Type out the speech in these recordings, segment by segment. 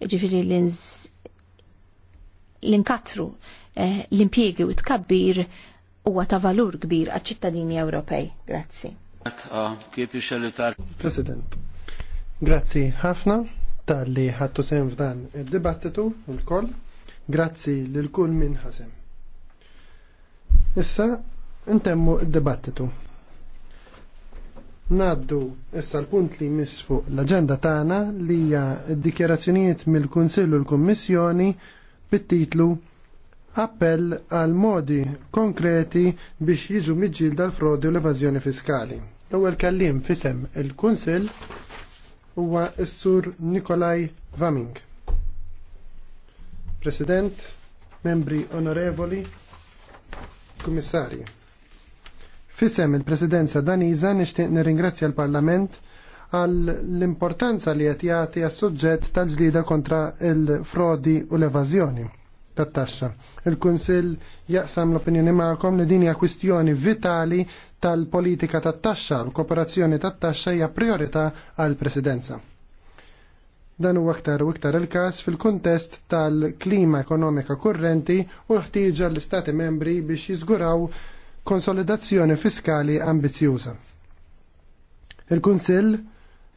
ġifiri l-inkatru eh, l-impiegi u tkabbir huwa ta' valur kbir għal-ċittadini Ewropej. Grazzi. President, grazzi ħafna tal-li ħattu sem f'dan id-dibattitu l-koll. Grazzi l-kull minn ħasem. Issa, intemmu il dibattitu Naddu issa l-punt li jmiss fuq l agenda tagħna li hija d-dikjerazzjonijiet mill-Kunsill u l-Kummissjoni bit-titlu Appell għal modi konkreti biex jiġu miġġilda dal frodi u l-evażjoni fiskali. L-ewwel kellim fisem il-Kunsill huwa s-sur Nikolaj Vaming. President, membri onorevoli, kummissarji. Fisem il-Presidenza Daniza nixtieq nirringrazzja l-Parlament għal l-importanza li qed jagħti għas-suġġett tal-ġlida kontra il-frodi u l-evażjoni tat-taxxa. Il-Kunsill jaqsam l-opinjoni magħkom li din hija kwistjoni vitali tal-politika tat-taxxa, l-kooperazzjoni tat-taxxa hija priorità għall-Presidenza. Dan huwa aktar u aktar il-każ fil-kuntest tal-klima ekonomika kurrenti u l-ħtieġa l-Istati membri biex jiżguraw konsolidazzjoni fiskali ambizjuża. Il-Kunsill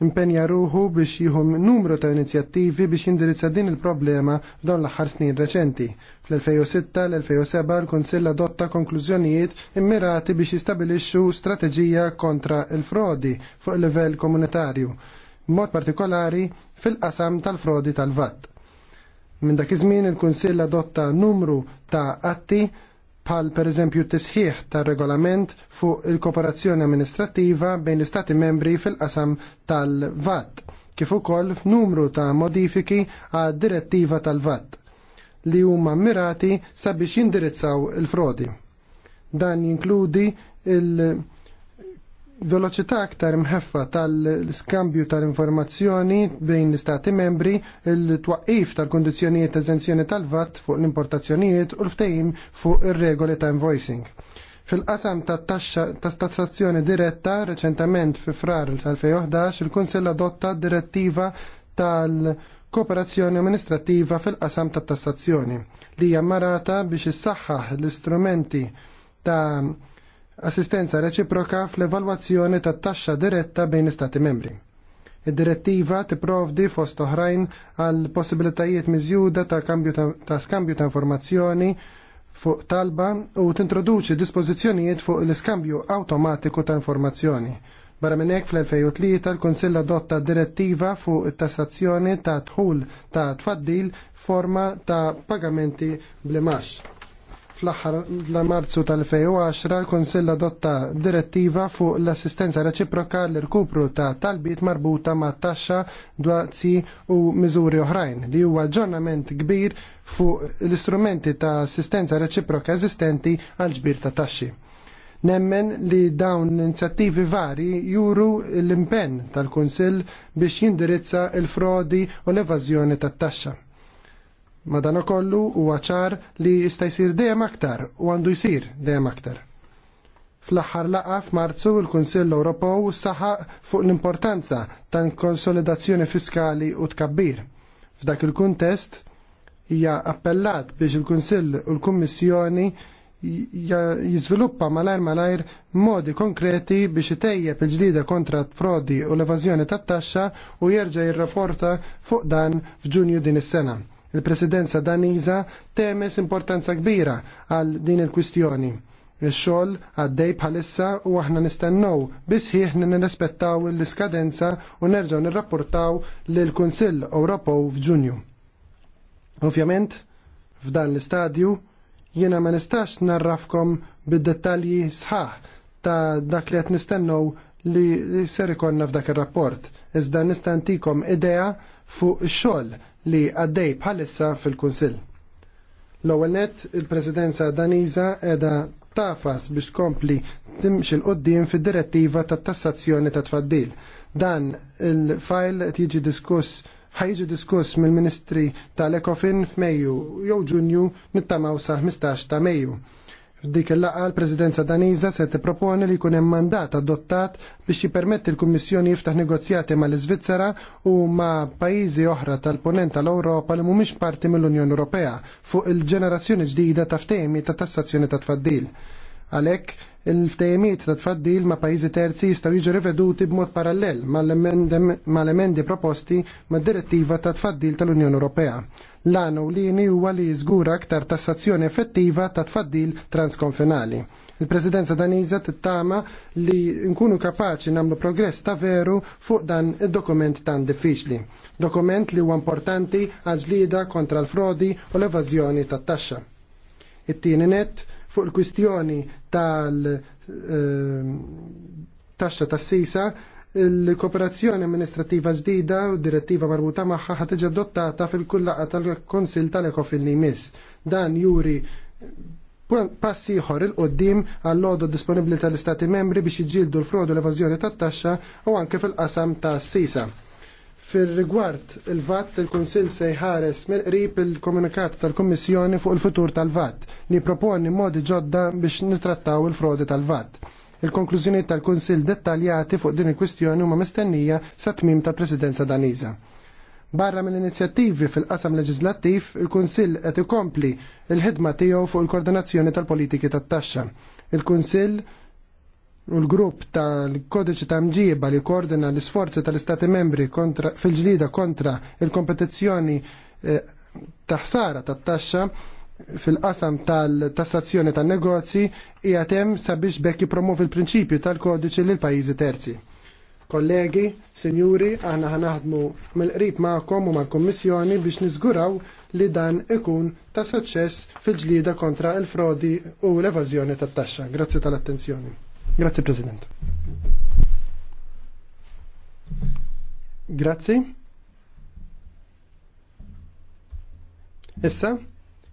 impenja ruħu biex jihum numru ta' inizjattivi biex jindirizza din il-problema f'dawn l-aħħar snin reċenti. Fl-2006 l-2007 l-Kunsill adotta konklużjonijiet immirati biex jistabilixxu strateġija kontra il-frodi fuq il-livell komunitarju, mod partikolari fil-qasam tal-frodi tal-VAT. Minn dak iż-żmien il-Kunsill adotta numru ta' atti bħal per eżempju tisħiħ tar regolament fuq il-kooperazzjoni amministrattiva bejn l-Istati membri fil-qasam tal-VAT, kif ukoll f'numru ta' modifiki għad direttiva tal-VAT li huma mirati sabiex jindirizzaw il-frodi. Dan jinkludi il- veloċità aktar mħeffa tal-skambju tal-informazzjoni bejn l-istati membri, il-twaqif tal-kondizjonijiet eżenzjoni tal-VAT fuq l-importazzjonijiet u l-ftejim fuq ir-regoli ta' invoicing. Fil-qasam ta' tassazzjoni diretta, reċentament fi frar tal-2011, il-Kunsell adotta direttiva tal- kooperazzjoni amministrativa fil-qasam ta' tassazzjoni li hija marata biex issaħħaħ l-istrumenti ta' assistenza reċiproka fl-evalwazzjoni tat-taxxa diretta bejn istati membri. Id-direttiva tipprovdi fost oħrajn għal possibilitajiet miżjuda ta' ta', ta, skambju ta informazzjoni fuq talba u tintroduċi dispożizzjonijiet fuq l-iskambju awtomatiku ta' informazzjoni. Barra minn hekk fl-2003 l-Kunsill adotta direttiva fuq it-tassazzjoni ta' dħul ta' tfaddil forma ta' pagamenti blimax fl-aħħar la Marzu tal-2010 l-Kunsill adotta direttiva fuq l-assistenza reċiproka l irkupru ta' talbiet marbuta ma' taxxa dwazzi u miżuri oħrajn li huwa aġġornament kbir fuq l-istrumenti ta' assistenza reċiproka eżistenti għal ġbir ta' taxxi. Nemmen li dawn inizjattivi vari juru l-impenn tal-Kunsill biex jindirizza il-frodi u l-evażjoni tat-taxxa Madanokollu huwa ċar li jista' jsir dejjem aktar u għandu jsir dejjem aktar. Fl-aħħar laqgħa f'Marzu il-Kunsill Ewropew saħaq fuq l-importanza ta' konsolidazzjoni fiskali u tkabbir. F'dak il-kuntest hija appellat biex il-Kunsill u l-Kummissjoni jiżviluppa malajr malajr modi konkreti biex itejjeb il-ġdida kontra frodi u l-evażjoni tat-taxxa u jerġa' jirrapporta fuq dan f'Ġunju din is-sena. Il-presidenza daniża temes importanza kbira għal din il-kwistjoni. Ix-xogħol għaddej bħalissa u aħna nistennew biss ħieħ nirrispettaw l-iskadenza u nerġgħu nirrapportaw lil kunsill Ewropew f'Ġunju. Ovvjament, f'dan l-istadju jiena ma nistax narrafkom bid-dettalji sħaħ ta' dak li qed nistennew li ser ikonna f'dak ir-rapport. Iżda nistantikom idea fuq ix-xogħol li għaddej bħalissa fil-Kunsill. L-ewwel nett il-Presidenza Daniża qiegħda tafas biex tkompli timxi l-qoddim fid-direttiva tat tassazzjoni ta' tfaddil. Dan il-fajl tiġi diskuss ħajġi diskuss mill-Ministri tal-Ekofin f'Mejju jew Ġunju nittamaw sa' 15 ta' Mejju. F'dik il-laqgħa l-Presidenza Daniża se tipproponi li jkun hemm mandat adottat biex jippermetti l-Kummissjoni jiftaħ negozjati mal-Iżvizzera u ma' pajjiżi oħra tal-punent tal-Ewropa li mhumiex parti mill-Unjoni Ewropea fuq il-ġenerazzjoni ġdida ta' ftehimi ta' tassazzjoni ta' tfaddil. Għalhekk il-ftejmiet ta' tfaddil ma' pajizi terzi jistgħu jiġu riveduti b'mod parallel mal-emendi proposti mad direttiva ta' tfaddil tal-Unjoni Ewropea. L-għanu li huwa li jizgura aktar tassazzjoni effettiva ta' tfaddil transkonfinali. Il-Presidenza Daniża tittama li nkunu kapaċi nagħmlu progress ta' veru fuq dan id-dokument tan diffiċli. Dokument li huwa importanti għal ġlida kontra l-frodi u l-evażjoni tat-taxxa. It-tieni net Fuq il-kwistjoni tal-taxxa ehm, tas-sisa, il-kooperazzjoni amministrativa ġdida u direttiva marbuta magħha ħat adottata fil-kullaqa tal-Konsil tal-Ekofin li jmiss. Dan juri passi ieħor il-qoddim għall-lodu disponibbli tal-Istati membri biex iġildu l-frodu l-evażjoni tat-taxxa u anke fil-qasam tas-sisa. Fil-rigward il-VAT, il-Konsil se jħares mill-qrib il-komunikat tal-Kommissjoni fuq il-futur tal-VAT li proponi modi ġodda biex nitrattaw il-frodi tal-VAT. Il-konklużjoni tal-Konsil dettaljati fuq din il-kwistjoni huma mistennija sa tmim tal-Presidenza Daniża. Barra mill-inizjattivi fil-qasam leġislattiv, il-Kunsill qed ikompli il-ħidma tiegħu fuq il-koordinazzjoni tal-politiki tat-taxxa. Il-Kunsill il ħidma tiegħu fuq il koordinazzjoni tal politiki tat taxxa il kunsill U l-grupp tal-kodiċi ta' Mġieba li koordina l-isforzi tal-Istati membri fil-ġlida kontra il-kompetizzjoni eh, ta' ħsara ta' taxxa fil-qasam tal-tassazzjoni tan negozji hija hemm sabiex bekk jippromovi fil prinċipju tal-kodiċi lil pajjiżi terzi. Kollegi, sinjuri, aħna ħanaħdmu mill-qrib magħkom u mal-Kummissjoni biex niżguraw li dan ikun ta' suċċess fil-ġlida kontra il-frodi u l-evażjoni tat-taxxa. Grazzi tal-attenzjoni. Grazie President. Grazie. Issa,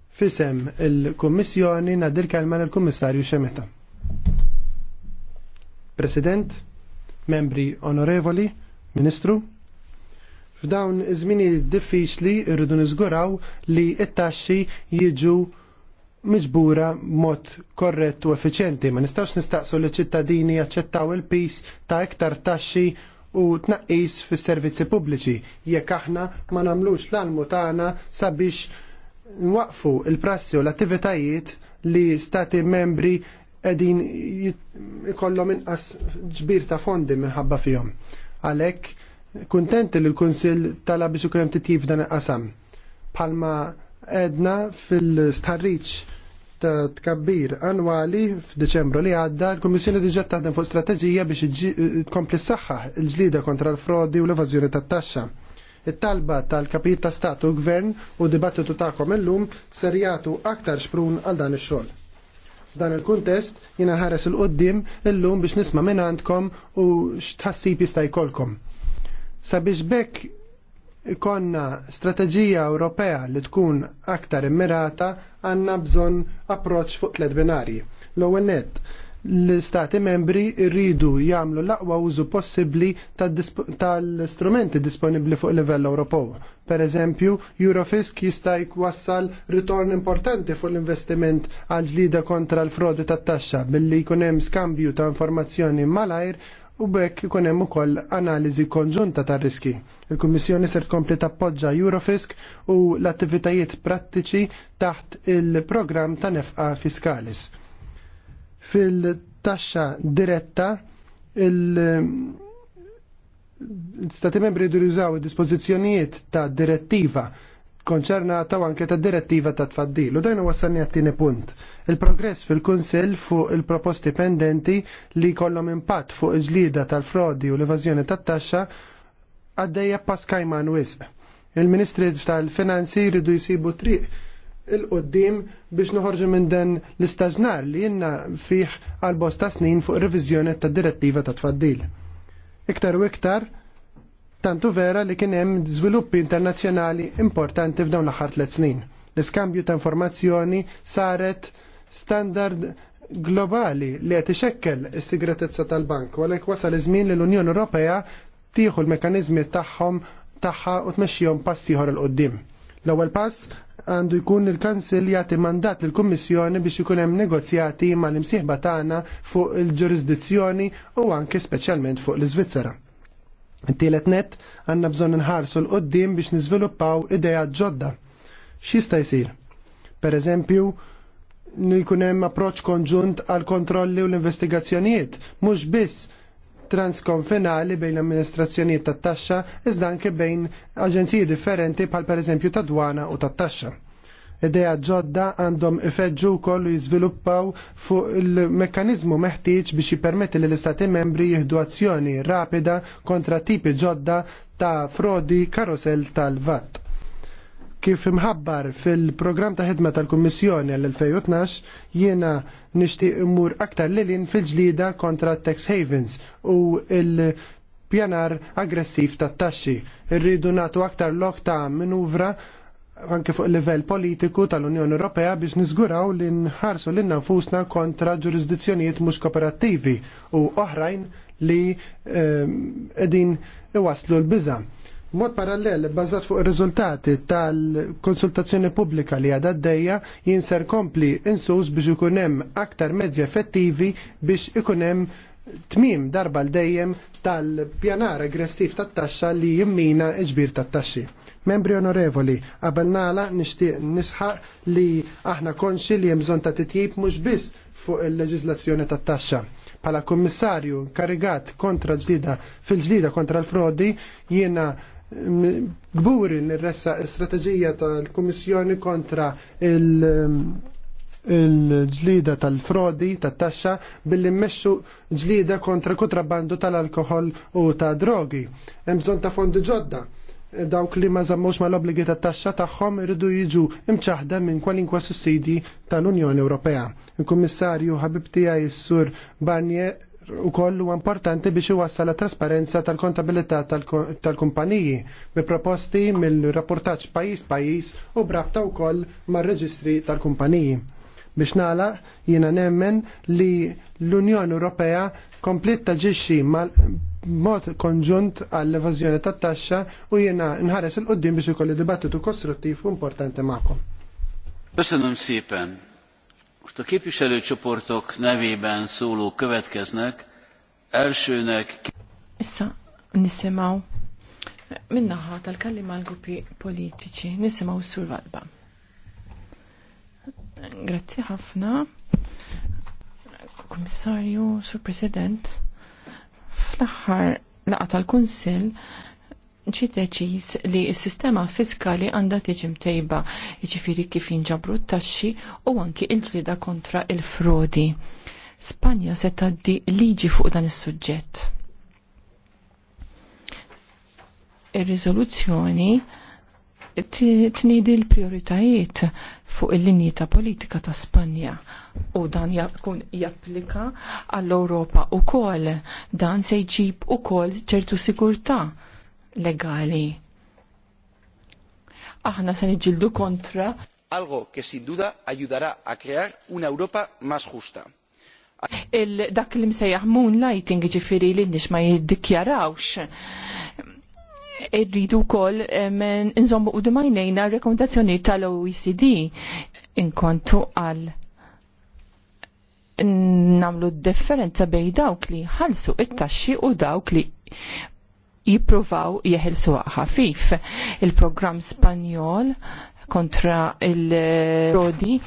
fisem il-Kommissjoni nadir kelma l-Kommissarju Xemeta. President, membri onorevoli, Ministru, f'dawn iż-żmini diffiċli rridu niżguraw li it taxxi jiġu miġbura mod korrett u effiċenti, Ma nistax nistaqsu li ċittadini jaċċettaw il-pis ta' iktar taxxi u tnaqqis fis servizzi pubbliċi jekk aħna ma nagħmlux l-almu tagħna sabiex nwaqfu il-prassi u l-attivitajiet li stati membri qegħdin ikollhom inqas ġbir ta' fondi minħabba fihom. Għalhekk kuntent li l-Kunsill tala biex ukoll hemm titjib dan il-qasam. Palma edna fil-starriċ ta' tkabbir annwali f'Deċembru li għadda, l-Kommissjoni diġa taħdem fuq strateġija biex tkompli s-saħħa l-ġlida kontra l-frodi u l-evażjoni tat-taxxa. It-talba tal-kapit ta' statu gvern u dibattitu tagħkom illum ser jagħtu aktar xprun għal dan ix-xogħol. Dan il-kuntest jiena nħares il qoddim illum biex nisma' minn għandkom u x'tħassib jista' jkollkom. Sabiex bekk Konna strateġija Ewropea li tkun aktar immirata għandna bżonn approċċ fuq tliet binarji. L-ewwel nett, l-istati membri rridu jagħmlu l-aqwa użu possibbli tal-strumenti disponibbli fuq livell Ewropew. Per eżempju, Eurofisk jista' jwassal ritorn importanti fuq l-investiment għal ġlida kontra l-frodi tat-taxxa billi jkun hemm skambju ta' informazzjoni malajr u bekk ikun hemm ukoll analiżi konġunta tar-riski. Il-Kummissjoni ser tkompli tappoġġa Eurofisk u l-attivitajiet prattiċi taħt il-programm ta' nefqa fiskalis. Fil-taxxa diretta il- Stati membri jridu jużaw id-dispożizzjonijiet ta' direttiva Konċerna taw anke ta' direttiva ta' tfaddil. U dajna wassalni għattini punt. Il-progress fil-Kunsil fuq il-proposti pendenti li kollom impatt fuq il-ġlida tal-frodi u l-evazjoni tat taxxa għaddeja paskajman wisq. Il-Ministri tal-Finanzi jridu jisibu triq il-qoddim biex nħorġu minn dan l-istaġnar li jenna fiħ għal-bosta snin fuq revizjoni ta' direttiva ta' tfaddil. Iktar u iktar, tantu vera li kien hemm żviluppi internazzjonali importanti f'dawn l-aħħar tliet snin. L-iskambju ta' informazzjoni saret standard globali li qed ixekkel is-sigretezza tal-bank, u għalhekk wasal iż-żmien li l-Unjoni Ewropea tieħu l-mekanizmi tagħhom tagħha u tmexxihom pass ieħor il qudiem L-ewwel pass għandu jkun il-Kansil jagħti mandat lill kummissjoni biex ikun hemm negozjati mal-imsieħba tagħna fuq il-ġurisdizzjoni u anke speċjalment fuq l-Iżvizzera. Tielet net, għanna bżon nħarsu l-qoddim biex nizviluppaw ideja ġodda. Xista jisir? Per eżempju, jkun hemm approċ konġunt għal kontrolli u l-investigazzjonijiet, mhux biss transkonfinali bejn l-amministrazzjonijiet tat-taxxa, iżda anke bejn aġenziji differenti bħal pereżempju tad-dwana u tat-taxxa idea ġodda għandhom ifeġġu wkoll u jiżviluppaw fuq il-mekkaniżmu meħtieġ biex jippermetti lill istati membri jieħdu azzjoni rapida kontra tipi ġodda ta' frodi karosel tal-VAT. Kif imħabbar fil-programm ta' ħidma tal-Kummissjoni għall-2012, jiena nixtieq imur aktar lilin fil-ġlida kontra tax havens u il- pjanar aggressiv tat taxxi. Irridu nagħtu aktar lok ta' minuvra anke fuq il livell politiku tal-Unjoni Ewropea biex niżguraw li nħarsu lil nfusna kontra ġurisdizzjonijiet mhux kooperattivi u oħrajn li ehm, qegħdin iwaslu l-biża. Mod parallel, bbażat fuq ir-riżultati tal-konsultazzjoni pubblika li għadha għaddejja jinser kompli insus biex ikun hemm aktar mezzi effettivi biex ikun hemm tmim darba l-dejjem tal-pjanar aggressiv tat-taxxa li jimmina iġbir tat-taxxi. Membri onorevoli, qabel nala nixtieq nisħaq li aħna konxi li hemm bżonn ta' titjib mhux biss fuq il leġizlazzjoni tat-taxxa. Pala kummissarju karigat kontra ġdida fil-ġdida kontra l-frodi jiena mm, gburi nirressa strateġija tal-Kummissjoni kontra il- mm, il tal-frodi, tat-taxxa, billi mmexxu ġlida kontra kontrabbandu tal-alkohol u ta' drogi. Hemm ta' fondi ġodda dawk li ma żammux mal obbligi tat-taxxa tagħhom iridu jiġu imċaħda minn kwalinkwa sussidi tal-Unjoni Ewropea. Il-Kummissarju ħabib tiegħi sur Barnier u kollu importanti biex iwassal trasparenza tal-kontabilità tal-kumpaniji bi proposti mill-rapportaċ pajis pajis u brabta u koll ma' reġistri tal-kumpaniji. Biex nala jina nemmen li l-Unjoni Ewropea komplit taġiċi mod konġunt għall-evażjoni tat-taxxa u jiena nħares il qudiem biex ikolli dibattitu kostruttiv u importanti magħkom. Köszönöm szépen! Most a képviselőcsoportok nevében szólók következnek. Elsőnek... Issa, nisimaw. Minnaħa tal-kallima l-gruppi politiċi, nisimaw s-sur Grazie Grazzi ħafna, Komissarju, Sur President Fl-aħħar laqa tal-Kunsill ġi deċiż li s-sistema fiskali għandha tiġi mtejba, jiġifieri kif jinġabru t-taxxi u anki l ġlida kontra il-frodi. Spanja se taddi liġi fuq dan is-suġġett. Ir-riżoluzzjoni tnidi l-prioritajiet fuq il-linji ta' politika ta' Spanja u dan jakun japplika għall-Europa u kol dan se jġib u kol ċertu sigurta legali. Aħna se nġildu kontra. Algo che sin duda ajudara a crear una Europa más justa. Il dak li msejjaħ moonlighting ġifiri li nix ma jiddikjarawx irridu kol nżommu u d-majnejna rekomendazzjoni tal-OECD inkontu għal namlu differenza bej dawk li ħalsu it-taxxi u dawk li jipruvaw jeħelsu ħafif. Il-programm Spanjol kontra il-rodi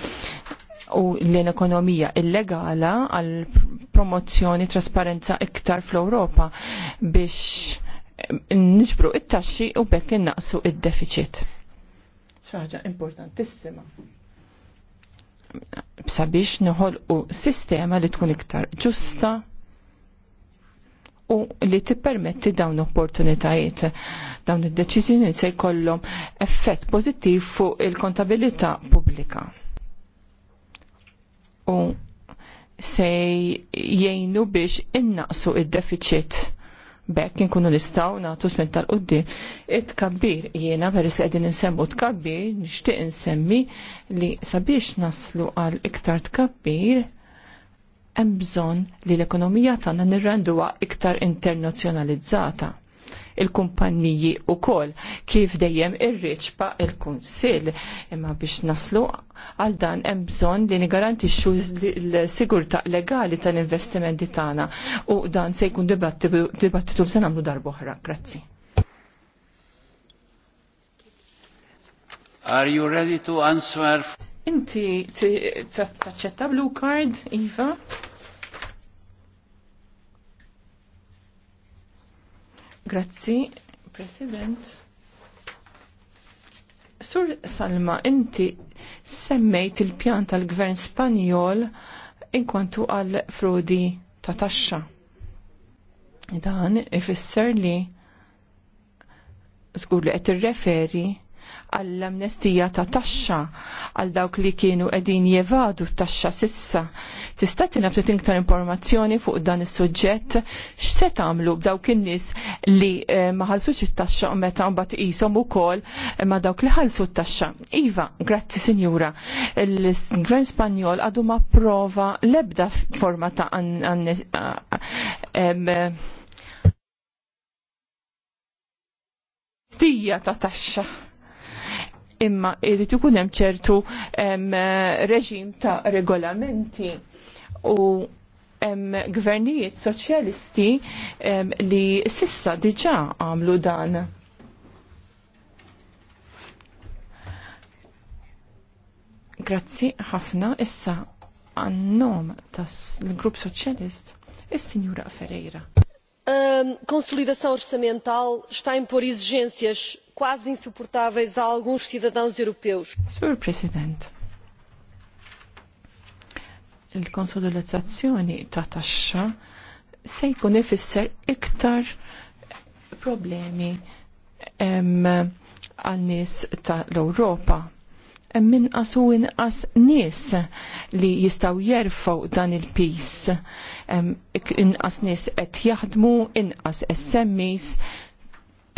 u l-ekonomija illegala għal promozzjoni trasparenza iktar fl-Europa biex nġbru it-taxxi u bekk innaqsu id-deficit. Xaħġa importantissima sabiex u sistema li tkun iktar ġusta u li tippermetti dawn opportunitajiet. Dawn id deċizjoni se jkollhom effett pożittiv fuq il-kontabilità pubblika. U se jgħinu biex innaqsu id-deficit bekk inkunu nistaw nagħtu smin tal-qoddim. it jiena jiena se qegħdin insemmu tkabbir, nixtieq insemmi li sabiex naslu għal iktar tkabbir hemm bżonn li l-ekonomija tagħna nirrenduha iktar internazzjonalizzata il-kumpanniji u kol kif dejjem ir il-kunsil imma biex naslu għal dan hemm bżonn li nigarantixxu l-sigurtà legali tal-investimenti tagħna u dan se jkun dibattitu se nagħmlu darb'oħra. Grazzi. Are you ready to answer? Inti taċċetta blue card, Iva? Grazzi, President. Sur Salma, inti semmejt il-pjan tal-gvern Spanjol inkwantu għal frodi ta' taxxa. Dan ifisser li żgur li qed irreferi għall-amnestija ta' taxxa għal dawk li kienu qegħdin jevadu taxxa sissa. Tista' tinaf ftit tinktar informazzjoni fuq dan is-suġġett x'se tagħmlu b'dawk in-nies li eh, ma ħallsux it-taxxa u meta mbagħad qishom ukoll eh, ma dawk li ħallsu t-taxxa. Iva, grazzi Sinjura, il-Gvern Spanjol għadu ma prova lebda forma ta' eh, stija ta' taxxa imma irrid ikun hemm ċertu reġim ta' regolamenti u hemm gvernijiet soċjalisti li sissa diġà għamlu dan. Grazzi ħafna issa għannom tas-grupp l soċjalist is-Sinjura Ferreira. Um, consolidação orçamental está a impor exigências quase insuportáveis a alguns cidadãos europeus. Sr. Presidente, il-konsolidazzazzjoni ta' taxxa se jkun ifisser iktar problemi għal nies tal-Ewropa. Min qasu inqas nis li jistaw jerfaw dan il-pis. nis nies jahdmu, jaħdmu, inqas SMEs,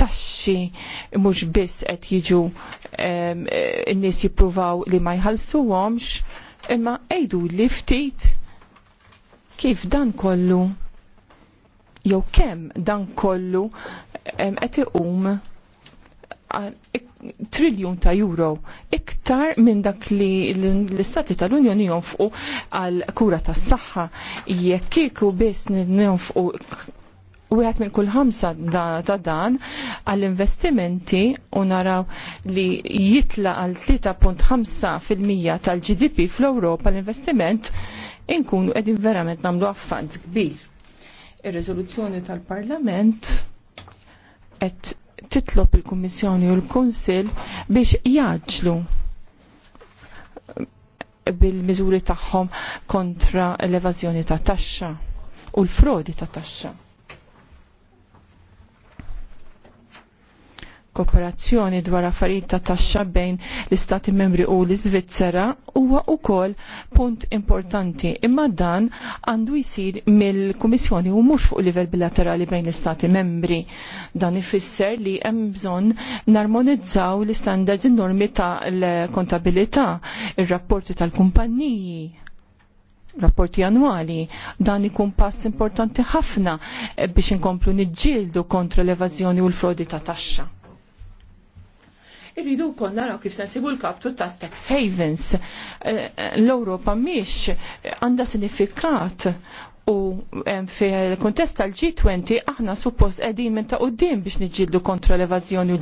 taxxi mhux biss qed jiġu n-nies jippruvaw li ma jħallsuhomx imma għejdu li ftit kif dan kollu jew kemm dan kollu qed iqum triljun ta' euro iktar minn dak li l-istati tal-Unjoni jonfqu għal kura tas saħħa jekk kieku biss ninfqu wieħed minn kull ħamsa ta' dan għall-investimenti u naraw li jitla għal 3.5% tal-GDP fl-Ewropa l-investiment inkunu qegħdin verament nagħmlu affanz kbir. Ir-riżoluzzjoni tal-Parlament qed titlob il-Kummissjoni u l-Kunsill biex jaġlu bil-miżuri tagħhom kontra l-evażjoni ta' taxxa u l-frodi ta' taxxa. kooperazzjoni dwar affarijiet ta' taxxa bejn l-Istati Membri u l-Iżvizzera huwa wkoll punt importanti. Imma dan għandu jsir mill-Kummissjoni u mhux fuq livell bilaterali bejn l-Istati Membri. Dan ifisser li hemm bżonn narmonizzaw l-istandards normi ta' l-kontabilità, ir-rapporti tal-kumpanniji rapporti annwali, dan ikun pass importanti ħafna biex inkomplu niġġieldu kontra l-evażjoni u l-frodi ta' taxxa irridu wkoll naraw kif sensibu l-kaptu ta' tax havens. Eh, eh, L-Ewropa mhix għandha sinifikat u fil kuntest tal-G20 aħna suppost qegħdin minn ta' uddim biex niġġieldu kontra l-evażjoni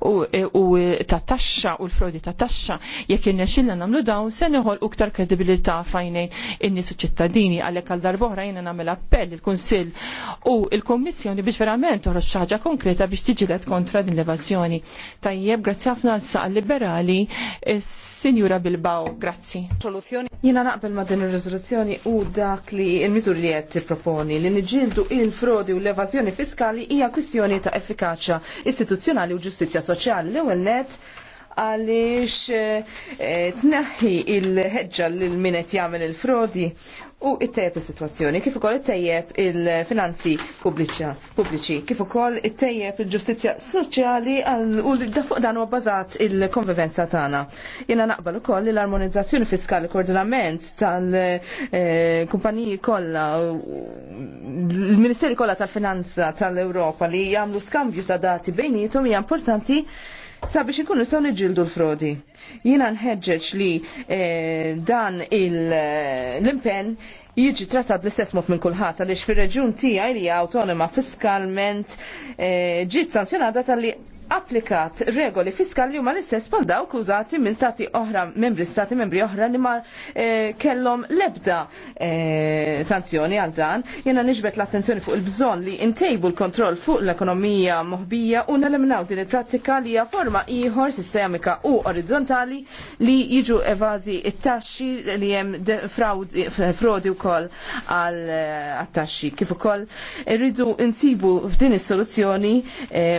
u ta' taxxa u l-frodi ta' taxxa jekk irnexxilna nagħmlu dawn se neħol uktar kredibilità fajnejn in-nies u ċittadini għalhekk għal darb'oħra jiena nagħmel appell il-Kunsill u l-Kummissjoni biex verament toħroġ ħaġa konkreta biex tiġilet kontra din l-evażjoni. Tajjeb, grazzi ħafna għal liberali Sinjura Bilbao, grazzi. Jiena naqbel ma' din ir-riżoluzzjoni u dak li l mizur sur li qed tipproponi li nġintu il-frodi u l evazjoni fiskali hija kwistjoni ta' effikaċja istituzzjonali u ġustizja soċjali l-ewwel net għaliex eh, eh, tneħħi il-ħeġġa lil min qed jagħmel il-frodi u ittejjeb is-sitwazzjoni, kif ukoll ittejjeb il-finanzi pubbliċi, kif ukoll ittejjeb il-ġustizzja soċjali u fuq dan huwa bbażat il-konvivenza tagħna. Jiena naqbal ukoll l-armonizzazzjoni fiskali koordinament tal-kumpaniji eh, kollha l-Ministeri kollha tal-Finanza tal-Ewropa li jagħmlu skambju ta' dati bejnietom hija importanti sabiex ikunu saw niġildu l-frodi. Jina nħeġġeġ li eh, dan eh, l-impen jiġi trattat bl-istess mod minn kulħadd għaliex fir-reġjun tiegħi li hija awtonoma fiskalment eh, ġiet sanzjonata tal-li applikat regoli fiskali huma l-istess bħal dawk użati minn stati oħra, membri stati membri oħra li ma eh, kellhom lebda eh, sanzjoni għal dan. Jena niġbet l-attenzjoni fuq il-bżonn li intejbu l-kontroll fuq l-ekonomija moħbija u neleminaw din il-prattika li hija forma ieħor sistemika u orizzontali li jiġu evażi it-taxxi li hemm frodi wkoll għal eh, taxxi kif ukoll irridu insibu f'din is-soluzzjoni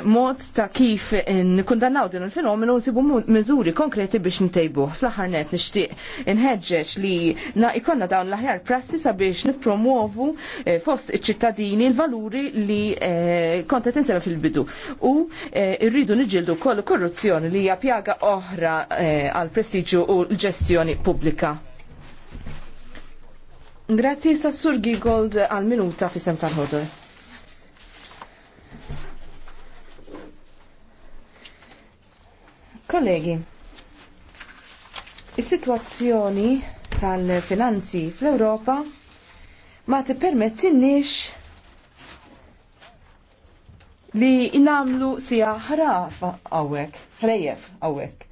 mod ta' kif kif eh, nikundannaw din il-fenomenu nsibu miżuri konkreti biex ntejbuh. Fl-aħħar net nixtieq inħeġġeġ li na ikonna dawn l-aħjar prassi sabiex nippromuovu eh, fost iċ-ċittadini l-valuri li eh, kontet tinsema fil-bidu. U rridu niġildu kollu korruzzjoni li hija pjaga oħra għal prestiġu u l-ġestjoni pubblika. Grazzi Sassur Gigold al minuta fi sem tal-ħodor. Kollegi, is-sitwazzjoni tal-finanzi fl-Ewropa ma tippermettinniex li inamlu sija ħraf għawek, ħrejef għawek.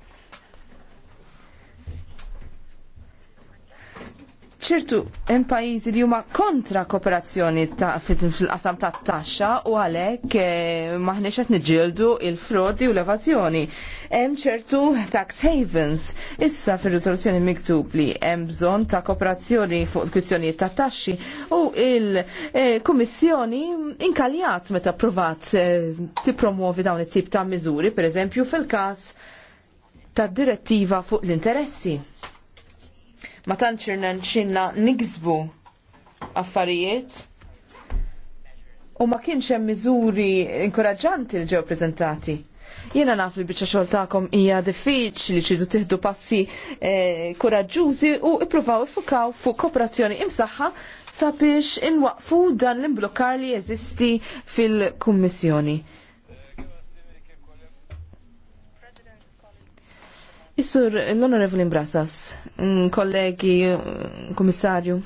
ċertu hemm pajjiżi li huma kontra kooperazzjoni ta' fil-qasam ta' taxxa u għalhekk eh, maħniex qed niġġieldu il-frodi u l-evażjoni. Hemm ċertu tax havens. Issa fir-riżoluzzjoni miktub li hemm bżonn ta' kooperazzjoni fuq kwistjonijiet ta' taxxi u il-Kummissjoni inkaljat meta provat eh, tippromuovi dawn it-tip ta' miżuri, pereżempju fil-każ tad direttiva fuq l-interessi ma tantxirna nxinna nigzbu affarijiet u ma kienx hemm miżuri inkoraġġanti li ġew preżentati. Jiena naf li biċċa xogħol tagħkom hija diffiċli ċidu tieħdu passi e, eh, koraġġużi u ippruvaw ifukaw fuq kooperazzjoni imsaħħa sabiex inwaqfu dan l-imblokkar li jeżisti fil-Kummissjoni. Issur, l-Onorevoli Imbrasas, mm, kollegi, mm, komissarju,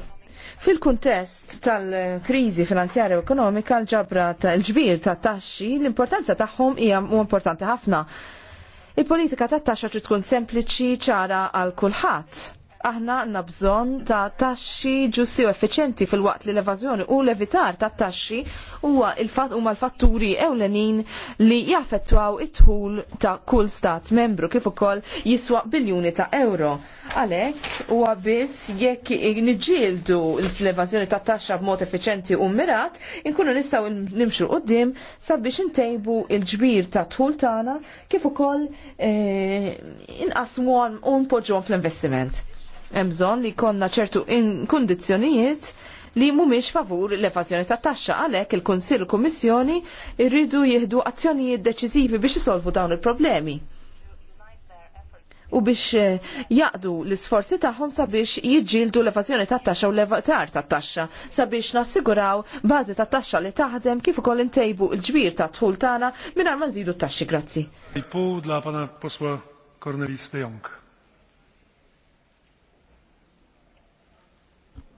fil-kuntest tal-krizi finanzjarja u ekonomika, l-ġabra tal-ġbir ta' taxxi, l-importanza tagħhom hija importanti ħafna. Il-politika ta' taxxa trid tkun sempliċi ċara għal kulħadd aħna għandna bżonn ta' taxxi ġusti u effiċenti fil-waqt li l-evażjoni u l-evitar ta' taxxi huwa il fat huma l-fatturi ewlenin li jaffettwaw it-tħul ta' kull stat membru kif ukoll jiswa biljuni ta' euro. Għalhekk huwa biss jekk niġġieldu l-evażjoni ta' taxxa b'mod effiċenti u mirat, inkunu nistgħu nimxu qudiem sabiex intejbu il-ġbir ta' tħul tagħna kif ukoll eh, inqasmuhom u npoġġuhom fl-investiment hemm bżonn li jkollna ċertu kundizzjonijiet li mhumiex favur l-evażjoni tat taxxa għalhekk il-Kunsill u Kummissjoni rridu jieħdu azzjonijiet deċiżivi biex isolvu dawn il-problemi u biex eh, jaqdu l-isforzi tagħhom sabiex jiġġieldu l-evażjoni tat-taxxa u l-evatar tat-taxxa sabiex nassiguraw bażi tat-taxxa li taħdem kif ukoll intejbu l-ġbir ta' dħul tagħna mingħajr ma nżidu t-taxxi. Grazzi.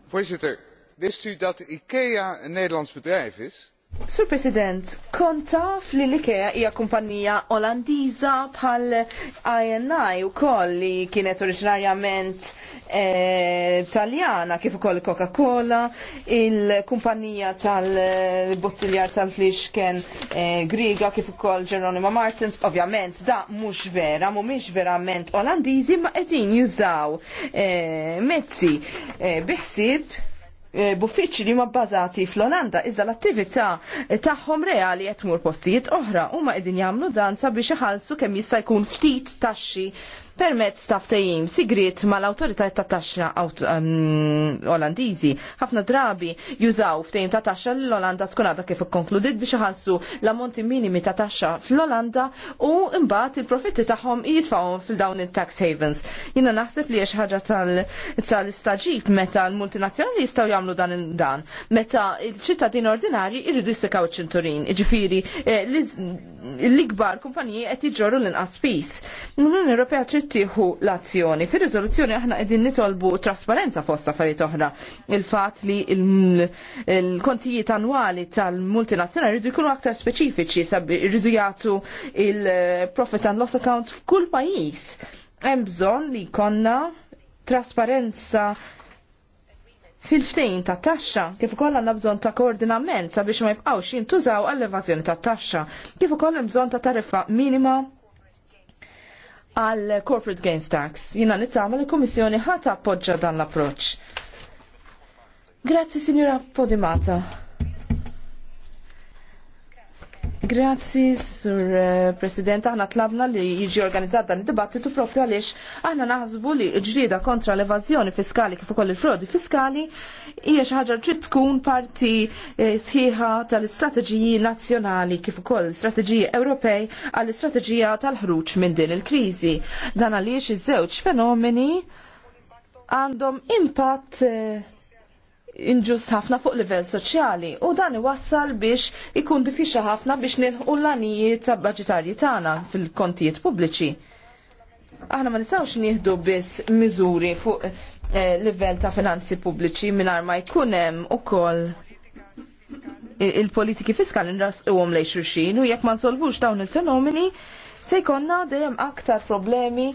voorzitter wist u dat ikea een nederlands bedrijf is? Sur President, konta li l-IKEA hija kumpanija Olandiża bħal INI u koll li kienet oriġinarjament e, Taljana kif ukoll Coca-Cola, il-kumpanija tal-bottiljar tal-flixken e, eh, Griga kif ukoll Geronimo Martins, ovvjament da mhux vera, mhumiex verament Olandiżi ma qegħdin jużaw e, mezzi biħsib Eh, buffiċi li huma bbażati fl-Olanda iżda l-attività tagħhom reali qed tmur postijiet oħra huma qegħdin jagħmlu dan sabiex iħallsu kemm jista' jkun ftit taxxi permezz ta' ftehim sigrit mal-awtoritajiet ta' taxxa Olandiżi. Ħafna drabi jużaw ftehim ta' taxxa l-Olanda tkun għadha kif ikkonkludit biex iħallsu l-ammonti minimi ta' taxxa fl-Olanda u mbagħad il-profitti tagħhom jitfgħu fil-dawn il-tax havens. Jiena naħseb li hija ħaġa tal-istaġib meta l-multinazzjonali jistgħu jagħmlu dan dan. Meta l-ċittadin ordinari jridu jissekaw ċinturin ġifieri eh, l-ikbar kumpaniji qed jiġġorru l-inqas fis. L-Unjoni Ewropea trid tittieħu l-azzjoni. Fir-riżoluzzjoni aħna qegħdin nitolbu trasparenza fost affarijiet oħra. Il-fatt li l-kontijiet annwali tal-multinazzjonali rridu jkunu aktar speċifiċi sabi rridu jagħtu il-profit and loss account f'kull pajjiż. Hemm bżonn li jkollna trasparenza fil-ftejn ta' taxxa kif ukoll għandna bżonn ta' koordinament sabiex ma jibqgħux jintużaw għall-evażjoni ta' taxxa, kif ukoll hemm bżonn ta' tariffa minima għal corporate gains tax. Jina nittama il komissjoni ħata appoġġa dan l-approċ. Grazzi, Signora Podimata. Grazzi, Sur eh, President, aħna tlabna li jiġi organizzat dan id-dibattitu propju għaliex aħna naħsbu li ġrida kontra l-evażjoni fiskali kif ukoll il-frodi fiskali hija xi ħaġa trid tkun parti eh, sħiħa tal-istrateġiji nazzjonali kif ukoll strateġiji Ewropej għall-istrateġija tal-ħruġ minn din il-kriżi. Dan għaliex iż-żewġ fenomeni għandhom impatt eh, inġust ħafna fuq livell soċjali u dan iwassal biex ikun diffiċli ħafna biex nilħu l-anijiet budġetarji tagħna fil-kontijiet pubbliċi. Aħna ma nistgħux nieħdu biss miżuri fuq eh, livell ta' finanzi pubbliċi mingħajr ma jkun hemm ukoll il-politiki fiskali nrasquhom lejn xulxin u jekk ma nsolvux dawn il-fenomeni se jkollna dejjem aktar problemi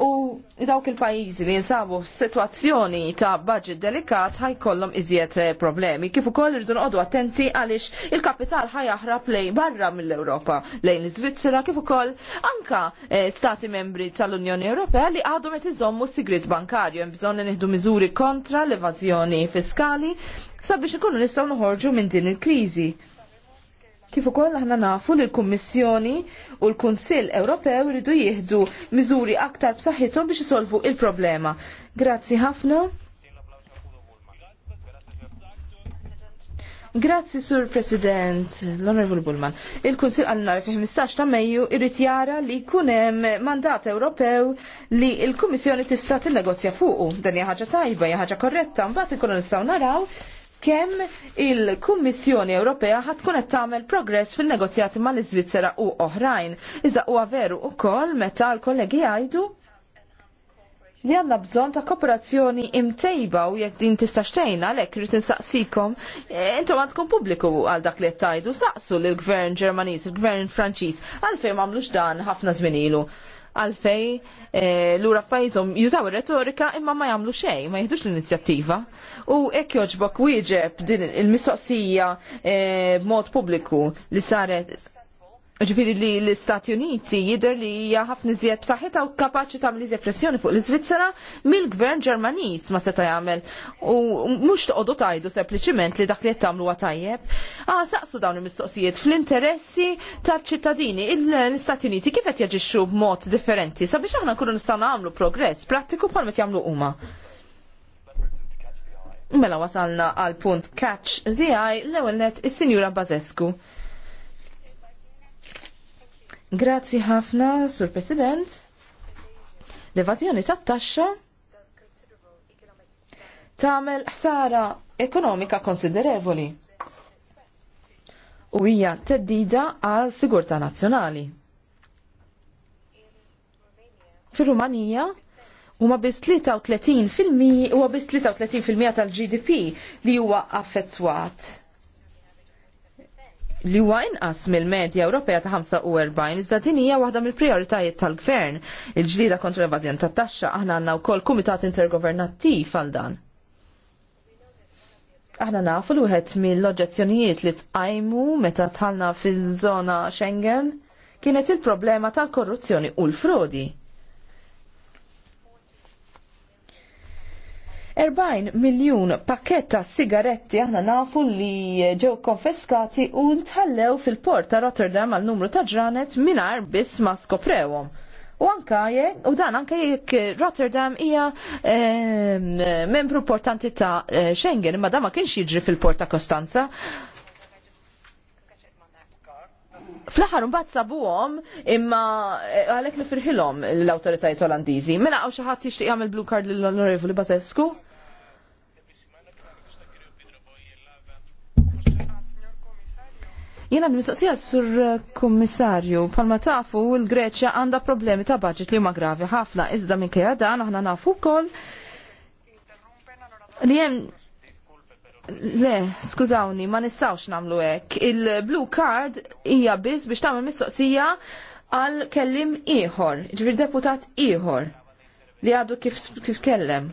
u dawk il-pajizi li jinsabu situazzjoni ta' budget delikat ħajkollhom iżjed eh, problemi. Kif ukoll irdu noqogħdu attenti għaliex il-kapital ħajaħrab lejn barra mill-Ewropa, lejn l-Iżvizzera kif ukoll anka eh, stati membri tal-Unjoni Ewropea li għadhom qed iżommu sigrit bankarju hemm bżonn li nieħdu miżuri kontra l-evażjoni fiskali sabiex ikunu nistgħu noħorġu minn din il-kriżi. Kif ukoll aħna nafu li l-Kummissjoni u l-Kunsill Ewropew ridu jieħdu miżuri aktar b'saħħithom biex isolvu il-problema. Grazzi ħafna. Grazzi, Sur President, l-Onorevole Bullman. Il-Kunsil għalna fil-15 ta' Mejju irrit jara li kunem mandat Ewropew li il-Kummissjoni tista' tinnegozja fuqu. Dan hija ħaġa tajba, hija ħaġa korretta, mbagħad ikunu nistgħu naraw kemm il-Kummissjoni Ewropea ħad tkun qed tagħmel progress fil-negozjati mal-Iżvizzera u oħrajn. Iżda huwa veru wkoll meta l-kollegi jgħidu li għanna bżon ta' kooperazzjoni imtejba u jekk din tista' xtejna lek rrit insaqsikom, e, intom għandkom pubbliku għal dak li tajdu saqsu l-gvern Ġermaniż, il-gvern Franċiż, għalfejn m'għamlux dan ħafna żmien ilu għalfej eh, l-ura f'pajizom jużaw il-retorika imma ma jamlu xej, ma jihdux l-inizjattiva. U ekk joġbok wieġeb din il-mistoqsija eh, b'mod pubbliku li saret ġifiri li l-Istati Uniti jider li hija ħafna iżjed b'saħħitha u kapaċi tagħmel iżjed pressjoni fuq l-Iżvizzera mill-Gvern Ġermaniż ma seta' jagħmel. U mhux toqgħodu tajdu sempliċiment li dak li qed tagħmlu huwa tajjeb. Ah, saqsu dawn il-mistoqsijiet fl-interessi tal-ċittadini. L-Istati Uniti kif qed jaġixxu b'mod differenti sabiex aħna nkunu nistgħu nagħmlu progress prattiku bħal meta jagħmlu huma. Mela wasalna għal punt catch the eye l-ewwel net is-Sinjura Bazescu. Grazzi ħafna, Sur President. L-evazjoni tat taxxa tagħmel ħsara ekonomika konsiderevoli u hija teddida għal sigurtà nazzjonali. Fir-Rumanija huma biss 33 fil biss 33 fil-mija tal-GDP li huwa affettwat li huwa inqas mill-medja Ewropea ta' 45 iżda din hija waħda mill-prijoritajiet tal-gvern. Il-ġlida kontra l-evażjon tat-taxxa aħna għandna wkoll kumitat intergovernattiv għal dan. Aħna nafu l wieħed mill-oġġezzjonijiet li tqajmu meta tħallna fiż-żona Schengen kienet il-problema tal-korruzzjoni u l-frodi. 40 miljun pakketta ta' sigaretti aħna nafu li ġew konfiskati u ntħallew fil-port ta' Rotterdam għal numru ta' ġranet minar biss ma skoprewom. U anka jek, u dan anka jekk Rotterdam hija ehm, membru importanti ta' eh, Schengen, imma da ma kienx jiġri fil-port ta' Kostanza. Fl-aħħar mbagħad sabuhom imma eh, għalhekk nifirħilhom l-awtoritajiet Olandiżi. Mela hawn xi ħadd jixtieq jagħmel blue card lill-Onorevoli Bazescu? Jena l-mistoqsija sur kummissarju, palma tafu l-Greċja għanda problemi ta' budget li huma gravi ħafna, iżda minn dan aħna nafu wkoll li hemm Le, skużawni, ma nistawx namlu hekk. Il-blue card hija biss biex tagħmel mistoqsija għal kellim ieħor, ġifir deputat ieħor li għadu kif, kif kellem.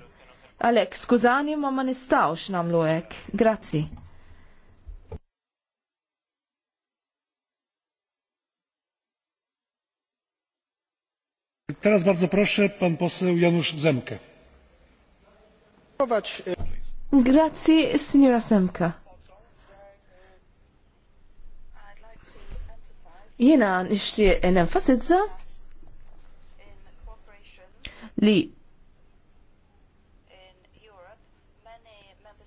Għalek, skużani ma ma nistawx namlu hekk. Grazzi. Teraz bardzo proszę, pan poseł Janusz Zemke. Grazzi, signora Semka. Jena nishtiq nenfasizza li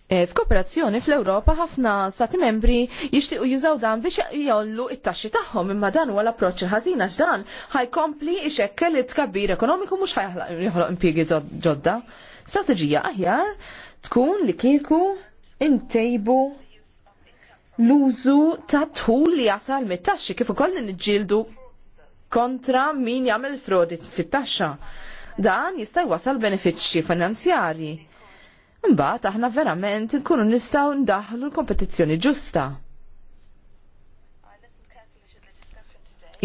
Eh, f'kooperazzjoni fl-Ewropa ħafna stati membri jixtiequ jużaw dan biex jollu it-taxxi tagħhom imma dan huwa l-approċċ ħażin għax dan ħajkompli ixekkel it-tkabbir ekonomiku mhux ħajħloq impjiegi ġodda. Strateġija aħjar tkun li kieku intejbu l-użu ta' tħul li jasal mit-taxxi kif ukoll niġġieldu kontra min jagħmel frodi fit-taxxa. Dan jista' jwasal benefiċċji finanzjarji Mbagħad aħna verament nkunu nistgħu ndaħlu l-kompetizzjoni ġusta.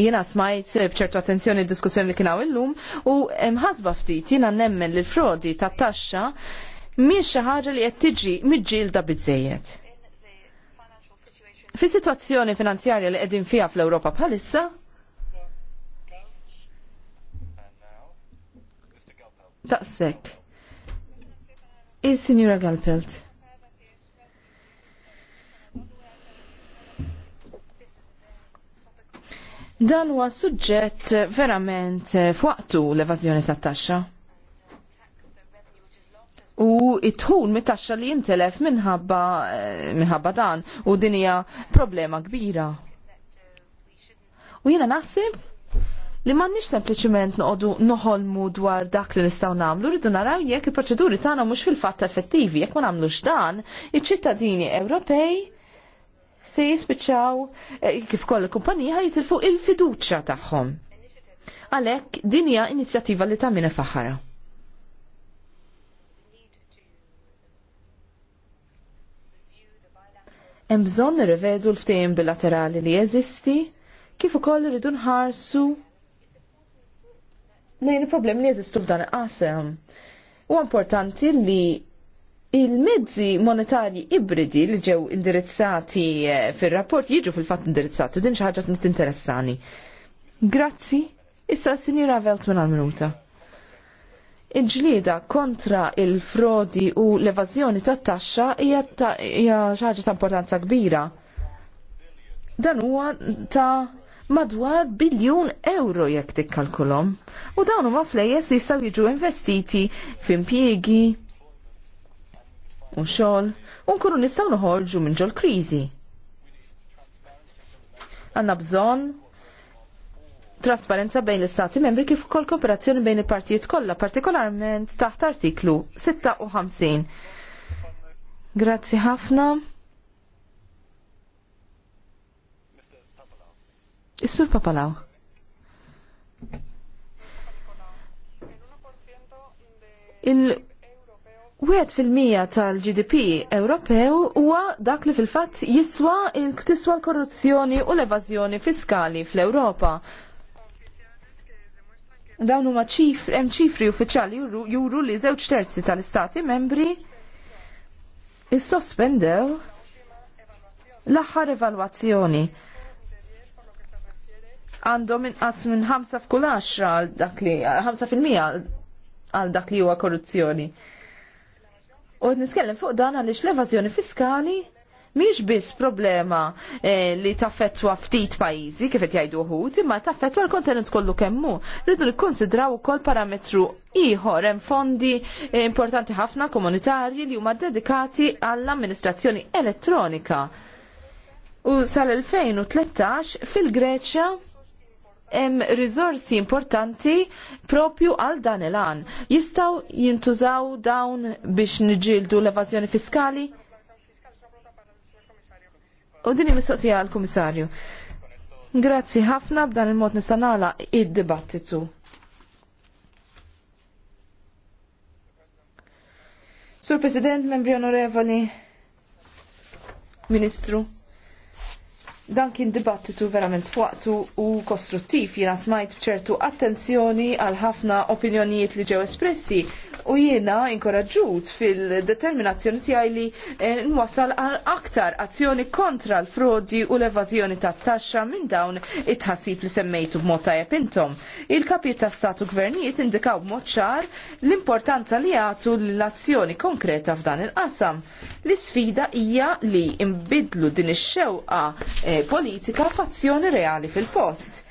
Jena smajt bċertu attenzjoni d-diskussjoni li kienaw illum u mħazba ftit jiena nemmen li l-frodi ta' taxxa miex xi ħaġa li qed tiġi miġġielda bizzejiet. Fi situazzjoni finanzjarja li qegħdin fiha fl-Ewropa bħalissa, Daqsek is Galpelt. Dan huwa suġġett verament f'waqtu l-evażjoni tat-taxxa. U t tħun mit-taxxa li jintelef minħabba eh, minħabba dan u din hija problema kbira. U jiena naħseb li m'għandniex sempliciment noqogħdu noħolmu dwar dak li nistgħu nagħmlu, rridu naraw jekk il-proċeduri tagħna mhux fil-fatt effettivi, jekk ma nagħmlux dan, iċ-ċittadini Ewropej se jispiċċaw eh, kif il kumpanija jitilfu il-fiduċja tagħhom. Għalhekk din hija inizjattiva li tagħmilha faħara. Hemm bżonn nirrivedu l-ftehim bilaterali li jeżisti kif ukoll rridu nħarsu lejn il-problemi li jeżistu f'dan qasem. U importanti li il-mezzi monetarji ibridi li ġew indirizzati eh, fil-rapport jiġu fil-fatt indirizzati u din xi ħaġa tinteressani. Grazzi, issa velt Veltman għal-minuta. Il-ġlieda kontra il-frodi u l-evażjoni tat-taxxa hija xi ħaġa ta' importanza kbira. Dan huwa ta' madwar biljun euro jekk tikkalkulhom. U dawn huma flejjes li jistgħu jiġu investiti f'impjiegi u xogħol u nkunu nistgħu noħorġu minn ġol kriżi. Għandna bżonn trasparenza bejn l-istati membri kif ukoll kooperazzjoni bejn il-partijiet kollha, partikolarment taħt artiklu 56. Grazzi ħafna. Is-sur Papalaw. il Wieħed fil-mija tal-GDP Ewropew huwa dak li fil-fatt jiswa l-ktiswa l-korruzzjoni u l-evażjoni fiskali fl-Ewropa. Dawn huma ċifri hemm ċifri uffiċjali juru li żewġ terzi tal-istati membri issospendew l-aħħar evalwazzjoni għandhom inqas minn 5 f'kull 10 għal dak li 5% għal dak li huwa korruzzjoni. U nitkellem fuq dan għaliex l-evażjoni fiskali miex biss problema eh, li taffettwa ftit pajjiżi kif qed jgħidu wħud, imma taffettwa l-kontenut kollu kemm hu. Rridu nikkonsidraw ukoll parametru ieħor hemm fondi eh, importanti ħafna komunitarji li huma dedikati għall-amministrazzjoni elettronika. U sal-2013 fil-Greċja hemm riżorsi importanti propju għal dan il-għan. Jistaw jintużaw dawn biex nġildu l evazjoni fiskali? U din mistoqsija għal kummissarju. Grazzi ħafna b'dan il-mod nistanala id-dibattitu. Sur President, membri onorevoli, Ministru. Dan kien dibattitu verament fuqtu u kostruttiv jina smajt bċertu attenzjoni għal ħafna opinjonijiet li ġew espressi u jiena inkoraġġut fil-determinazzjoni tiegħi li eh, nwassal għal aktar azzjoni kontra l-frodi u l-evażjoni tat-taxxa minn dawn it tħassib li semmejtu b'mod tajjeb intom. il kapiet ta' statu gvernijiet indikaw b'mod ċar l-importanza li jagħtu l-azzjoni konkreta f'dan il-qasam. L-isfida hija li imbidlu din ix-xewqa eh, politika f'azzjoni reali fil-post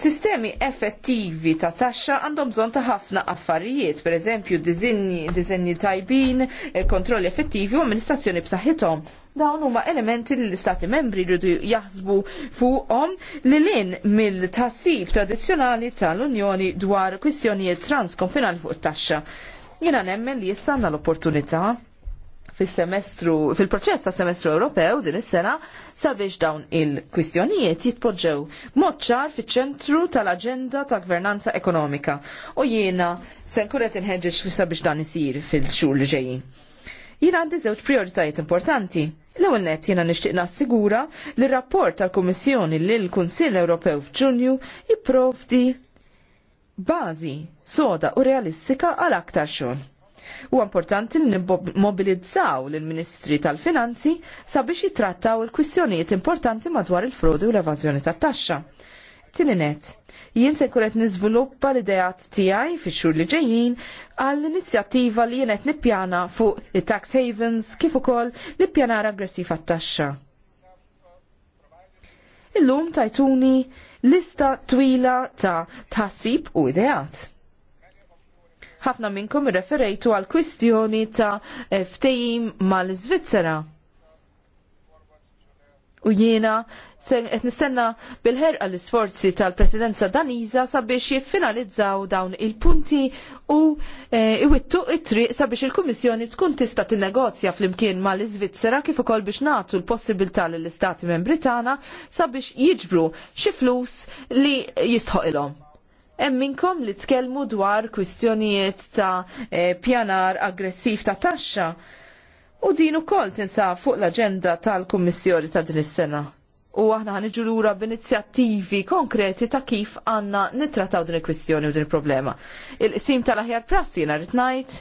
Sistemi effettivi ta' taxxa għandhom bżonn ta' ħafna affarijiet, pereżempju diżenji tajbin, eh, kontrolli effettivi u amministrazzjoni b'saħħithom. Dawn huma elementi li l-Istati membri jridu jaħsbu fuqhom li lin mill-tassib tradizzjonali tal-Unjoni dwar kwistjonijiet transkonfinali fuq it-taxxa. Jiena nemmen li jissanna l-opportunità fil-semestru, fil-proċess ta' semestru Ewropew din is-sena sabiex dawn il-kwistjonijiet jitpoġġew mod ċar fiċ-ċentru tal-aġenda ta' gvernanza ekonomika. U jiena se nkunet inħeġġeġ li sabiex dan isir fil-xhur li ġejjin. Jiena għandi żewġ prioritajiet importanti. L-ewwel nett jiena nixtieq nassigura li r-rapport tal-Kummissjoni lil kunsill Ewropew f'Ġunju jipprovdi bażi soda u realistika għal aktar xogħol. U importanti li nimmobilizzaw l-Ministri tal-Finanzi sabiex jitrattaw il-kwistjonijiet importanti madwar il-frodi u l-evażjoni tat-taxxa. Tini net, jien se qed nizviluppa l-idejat tiegħi fix-xhur li ġejjin għall-inizjattiva li jienet nippjana fuq it-tax havens kif ukoll nippjanar aggressiv għat-taxxa. Illum tajtuni lista twila ta' tasib u idejat ħafna minnkom referejtu għal kwistjoni ta' ftejim mal-Svizzera. U jiena qed nistenna bil-ħerqa l-isforzi tal-Presidenza Daniża sabiex jiffinalizzaw dawn il-punti u e, iwittu it-triq sabiex il-Kummissjoni tkun tista' tinnegozja flimkien mal-Iżvizzera kif ukoll biex nagħtu l-possibilità lill-Istati Membri tagħna sabiex jiġbru xi flus li jistħoqilhom hemm minkom li tkellmu dwar kwistjonijiet ta' eh, pjanar aggressiv ta' taxxa. U din ukoll tinsa fuq l-aġenda tal-Kummissjoni ta' din is-sena. U aħna ħaniġu lura b'inizjattivi konkreti ta' kif għandna nittrataw din il-kwistjoni u din il-problema. Il-qsim tal-aħjar prassi jena rrid ngħid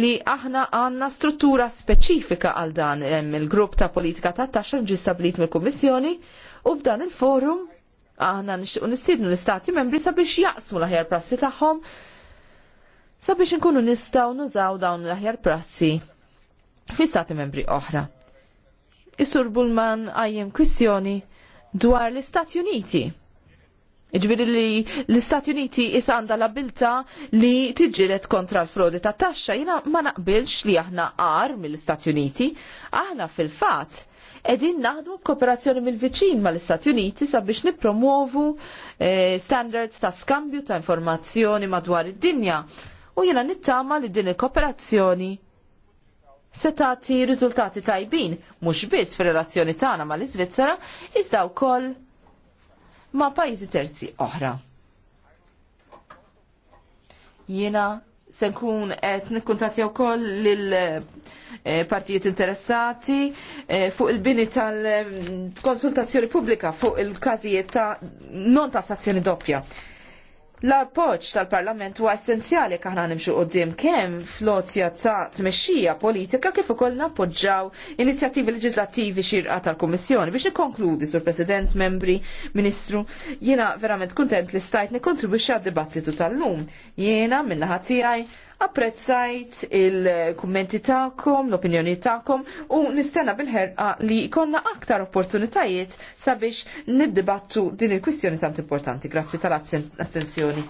li aħna għanna struttura speċifika għal dan il-grupp ta' politika ta' taxxa ġi stabilit mill-Kummissjoni u f'dan il-forum Aħna nixtiequ nistiednu l-istati membri sabiex jaqsmu l-aħjar prassi tagħhom sabiex inkunu nistgħu nużaw dawn l-aħjar prassi fi stati membri oħra. Is-Sur Bullman għajjem kwistjoni dwar l-Istati Uniti. Iġviri li l-Istati Uniti is għanda l-abilta li tiġġilet kontra l-frodi ta' taxxa jina ma naqbilx li aħna għar mill-Istati Uniti, aħna fil-fat Edin naħdmu b'kooperazzjoni mill-viċin mal-Istati Uniti sabiex nipromuovu eh, standards ta' skambju ta' informazzjoni madwar id-dinja u jena nittama li din il-kooperazzjoni se tagħti riżultati tajbin, mhux biss fir-relazzjoni tagħna mal izda iżda wkoll ma' pajjiżi terzi oħra. Jena se nkun qed nikkuntattja wkoll lil eh, partijiet interessati eh, fuq il-bini tal-konsultazzjoni eh, pubblika fuq il-każijiet ta' non tassazzjoni doppja. L-appoġġ tal-Parlament huwa essenzjali kaħna nimxu qudiem kemm flozja ta' tmexxija politika kif ukoll nappoġġaw inizjattivi leġislattivi xirqa tal-Kummissjoni biex nikkonkludi sur President, membri, Ministru, jiena verament kuntent li stajt nikkontribwixxi għad-dibattitu tal-lum. Jiena minnaħa tiegħi Apprezzajt il-kummenti tagħkom, l-opinjoni tagħkom u nistenna bil-ħerqa li jkollna aktar opportunitajiet sabiex niddibattu din il-kwistjoni tant importanti. Grazzi tal-attenzjoni.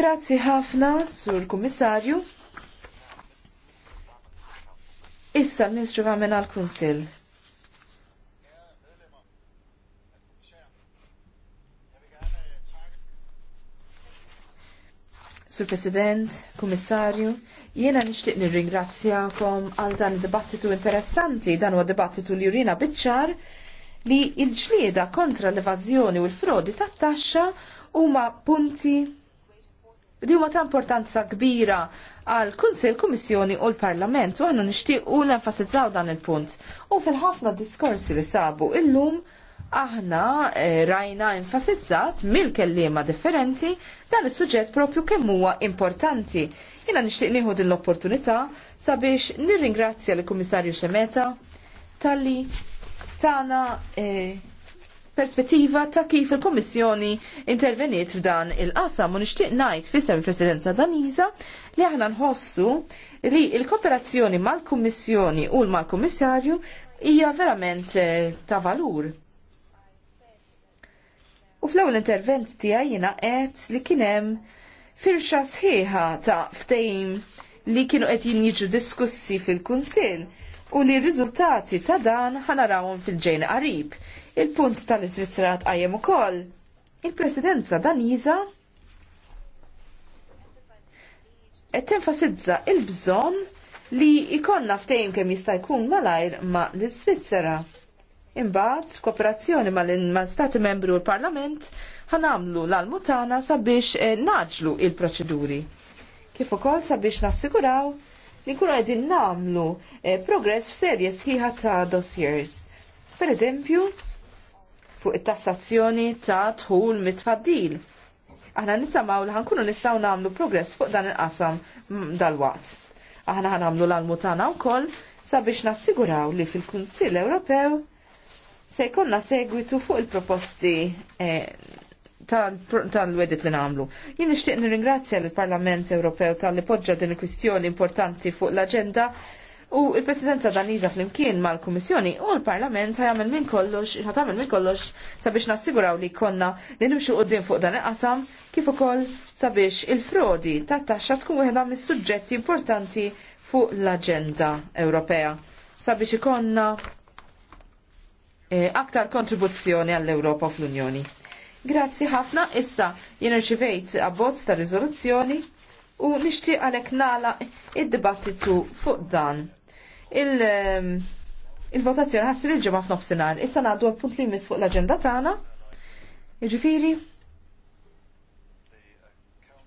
Grazzi ħafna, Sur Kummissarju. Issa l-Ministru għamena l-Kunsil. Sur President, Kummissarju, jiena nixtieq nirringrazzjakom għal dan id-dibattitu interessanti, dan huwa dibattitu li jurina biċċar li l-ġlieda kontra l-evażjoni u l-frodi tat-taxxa huma punti li huma ta' importanza kbira għal kunsel Kummissjoni u l-Parlament u għanna nixtiequ u nenfasizzaw dan il-punt. U fil-ħafna diskorsi li sabu illum aħna eh, rajna enfasizzat mill kelliema differenti dan is-suġġett propju kemm huwa importanti. Jina nixtieq nieħu din l-opportunità sabiex nirringrazzja l kummissarju Xemeta talli tana eh, perspettiva ta' kif il-Kommissjoni interveniet f'dan il-qasam u nixtieq ngħid fisem il-Presidenza Daniża li aħna nħossu li l-kooperazzjoni mal-Kummissjoni u mal-Kummissarju hija verament eh, ta' valur fl-ewwel intervent tiegħi jiena qed li kien hemm firxa sħiħa ta' ftehim li kienu qed jiġu diskussi fil-Kunsill u li r-riżultati ta' dan ħanarawhom fil-ġejn qarib. Il-punt tal-Iżvizzera tqajjem ukoll. Il-Presidenza Daniża qed tenfasizza il-bżonn li jkollna ftehim kemm jista' jkun malajr ma' l-Iżvizzera. Imbagħad, kooperazzjoni mal-Stati Membri u l-Parlament ħanamlu l-almutana sabiex eh, naġlu il-proċeduri. Kif ukoll sabiex nassiguraw li nkunu qegħdin nagħmlu eh, progress f'serje sħiħa ta' dossiers. Per eżempju, fuq it-tassazzjoni ta' tħul mitfaddil. Aħna nittamaw li ħankunu nistgħu nagħmlu progress fuq dan il-qasam mm, dal-waqt. Aħna ħanamlu l-almutana wkoll sabiex nassiguraw li fil-Kunsill Ewropew se jkollna segwitu fuq il-proposti eh, tal-wedit li namlu. Jien nixtieq nirringrazzja l-Parlament Ewropew tal-li poġġa din il-kwistjoni importanti fuq l-agenda u il-Presidenza Daniża flimkien mal-Kummissjoni u l-Parlament ħajamil minn kollox, ħatamil minn kollox sabiex nassiguraw li konna li nimxu uddin fuq dan il-qasam kif ukoll sabiex il-frodi tat-taxxa tkun wieħed mis-suġġetti importanti fuq l-aġenda Ewropea sabiex ikonna Eh, aktar kontribuzzjoni għall-Europa fl-Unjoni. Grazzi ħafna, issa jien irċivejt abbozz ta' riżoluzzjoni u nixtieq għalhekk nagħlaq id-dibattitu fuq dan. Ehm, il-votazzjoni il ħassir il-ġimgħa f'nofsinhar. Issa ngħaddu għal punt li jmiss fuq l-aġenda tagħna. Jiġifieri,